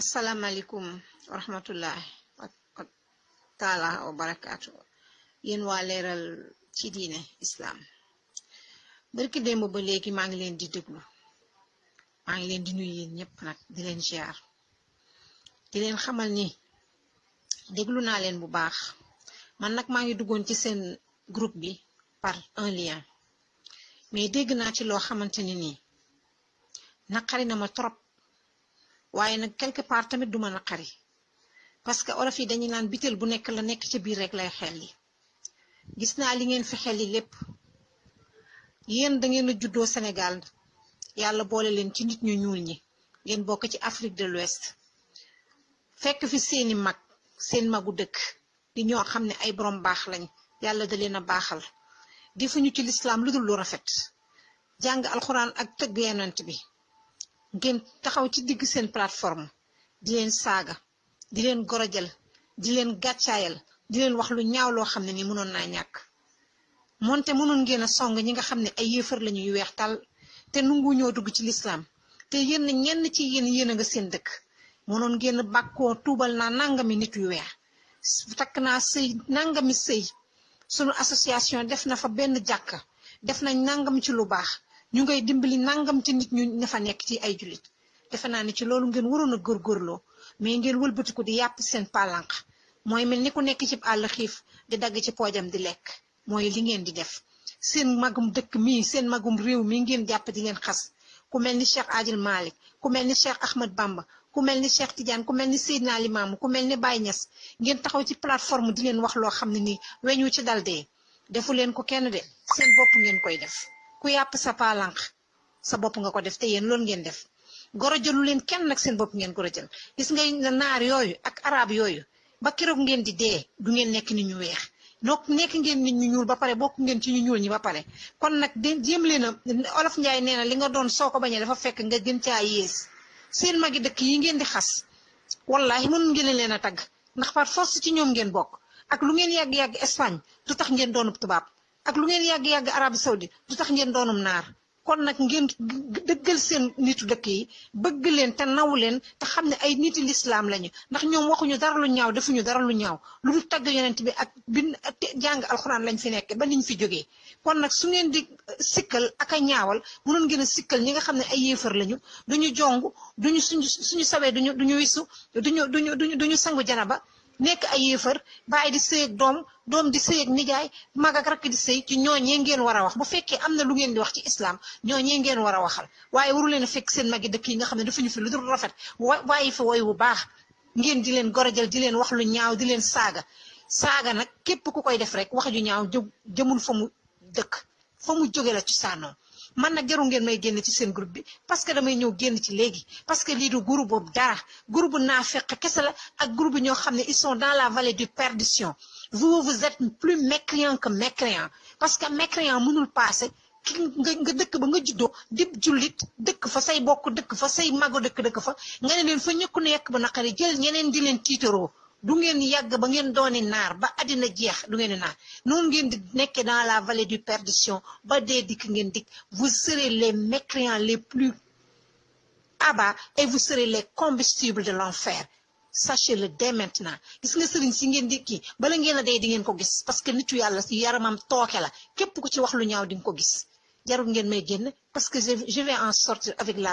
asalaamaaleykum wa rahmatullahi wa taala wa barakaatu yéen waa leeral ci diine islaam barki démb ba léegi maa ngi leen di déglu maa ngi leen di nuyu yéen ñëpp nag di leen ziar di leen xamal ni déglu naa leen bu baax man nag maa ngi duggoon ci seen group bi par un lien mais dégg naa ci loo xamante ne nii na ma trop waaye nag quelque part tamit du mën a xari parce que olof yi dañuy naan bitel bu nekk la nekk ci biir rek lay xel yi gis naa li ngeen fi xel yi lépp yéen dangeen ngeen a juddoo Sénégal yàlla boole leen ci nit ñu ñuul ñi ngeen bokk ci Afrique de l'Ouest fekk fi seeni mag seen magu dëkk di ñoo xam ne ay borom baax lañ yàlla da leen a baaxal defuñu ci lislaam lu dul lu rafet jàng alxuraan ak tëgg yonent bi ngeen taxaw ci digg seen plateforme di leen saaga di leen gorojal di leen gàccaayal di leen wax lu ñaaw loo xam ne ni mënoon naa ñàkk moonte mënoon ngeen a song ñi nga xam ne ay yéefar lañu ñuy weex tal te nungu ñoo dugg ci lislaam te yéen ñenn ci yéen yéen a nga seen dëkk mënoon ngeen a bàkkoo tuubal naa nangami nit yu weex takk naa sëy nangami sëy sunu association def na fa benn jàkk def nañ nangam ci lu baax ñu ngay dimbali nangam ci nit ñu ña fa nekk ci ay jullit defe naa ne ci loolu ngeen waroon a góorgóorloo mais ngeen wëlbatiku di yàpp seen palanq mooy mel ni ku nekk ci àll xiif di dagg ci poojam di lekk mooy li ngeen di def seen magum dëkk mii seen magum réew mii ngeen jàpp di leen xas ku mel ni Cheikh Adil Malick ku mel ni Cheikh Ahmed Bamba ku mel ni Cheikh Tidiane ku mel ni Seydina Limaamu ku mel ni Baye Niass ngeen taxaw ci plateforme di leen wax loo xam ne nii weñu ci dal defu leen ko kenn de ngeen koy def ku yàpp sa palank sa bopp nga ko def te yéen loolu ngeen def goro jëlu leen kenn nag seen bopp ngeen goro jël gis nga naar yooyu ak arab yooyu ba keroog ngeen di dee du ngeen nekk nit ñu weex donc ngeen nit ñu ñuul ba pare bokk ngeen ci ñu ñuul ñi ba pare kon nag de jéem leen a olof ndiay nee na li nga doon soo ko bañee dafa fekk nga gën caa yées seen magi dëkk yi ngeen di xas wallahi mën ngeen leen a tagg ndax par force ci ñoom ngeen bokk ak lu ngeen yàgg-yàgg Espagne du tax ngeen doonub tubaab lu ngeen yàgg yàgg Arabie Saoudite du tax ngeen doonum naar kon nag ngeen dëggal seen nitu dëkk yi bëgg leen te naw leen te xam ne ay niti lislaam lañu ndax ñoom waxuñu dara lu ñaaw defuñu dara lu ñaaw lu du tagg yonent bi ak bin jàng alxuraan lañ fi nekk ba niñ fi jógee kon nag su ngeen di uh, sikkal ak a ñaawal mënoon ngeen a sikkal ñi nga xam ne ay yéefar lañu duñu jong duñu suñu suñu sawee duñu duñu wisu duñu duñu duñu sangu janaba nekk ay yéefar bàyyi di sëy doom doom di sëy ak nijaay mag ak rakk di sëy ci ñooñee ngeen war a wax bu fekkee am na lu ngeen di wax ci islam ñooñee ngeen war waxal waaye waru leen a fekk seen magi dëkk yi nga xam ne dafa ñu fi lu dul rafet wa waaye fa woy bu baax ngeen di leen gorojal di leen wax lu ñaaw di leen saaga saaga nag képp ku koy def rek wax ju ñaaw jë jëmul fa mu dëkk fa mu jóge la ci saanoom man nag jarul ngeen may génn ci seen groupe bi parce que damay ñëw génn ci léegi parce que lii du groupe boobu dara groupe naafeq kese la ak groupe ñoo xam ne ils son dans la vallée de perdition vous vous êtes plus mécréant que mécréant parce que mécréant mënul paase ki nga dëkk ba nga juddoo di jullit dëkk fa say bokk dëkk fa say mago dëkk dëkk fa nga leen fa ñëkku nekk ba naqari jël ñeneen di leen tiitaroo du ngeen yàgg ba ngeen dooni naar ba addina jeex du ngeen naar noonu ngeen di nekkee dans la vallée du perdition ba dee dikk ngeen dikk vous serez les mécréants les plus abats et vous serez les combustibles de l'enfer sachez-le dès maintenant gis nga sëriñ si ngeen dikki bala ngeen a dee di ngeen ko gis parce que nitu yàlla si yaramam tooke la képp ku ci wax lu ñaaw di nga ko gis jarul ngeen may génn parce que je vais en sortir avec la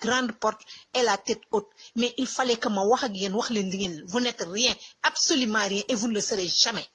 grande porte et la tête haute mais il fallait que ma wax ak yéen wax leen li ngeen vous n'êtes rien absolument rien et vous ne le serez jamais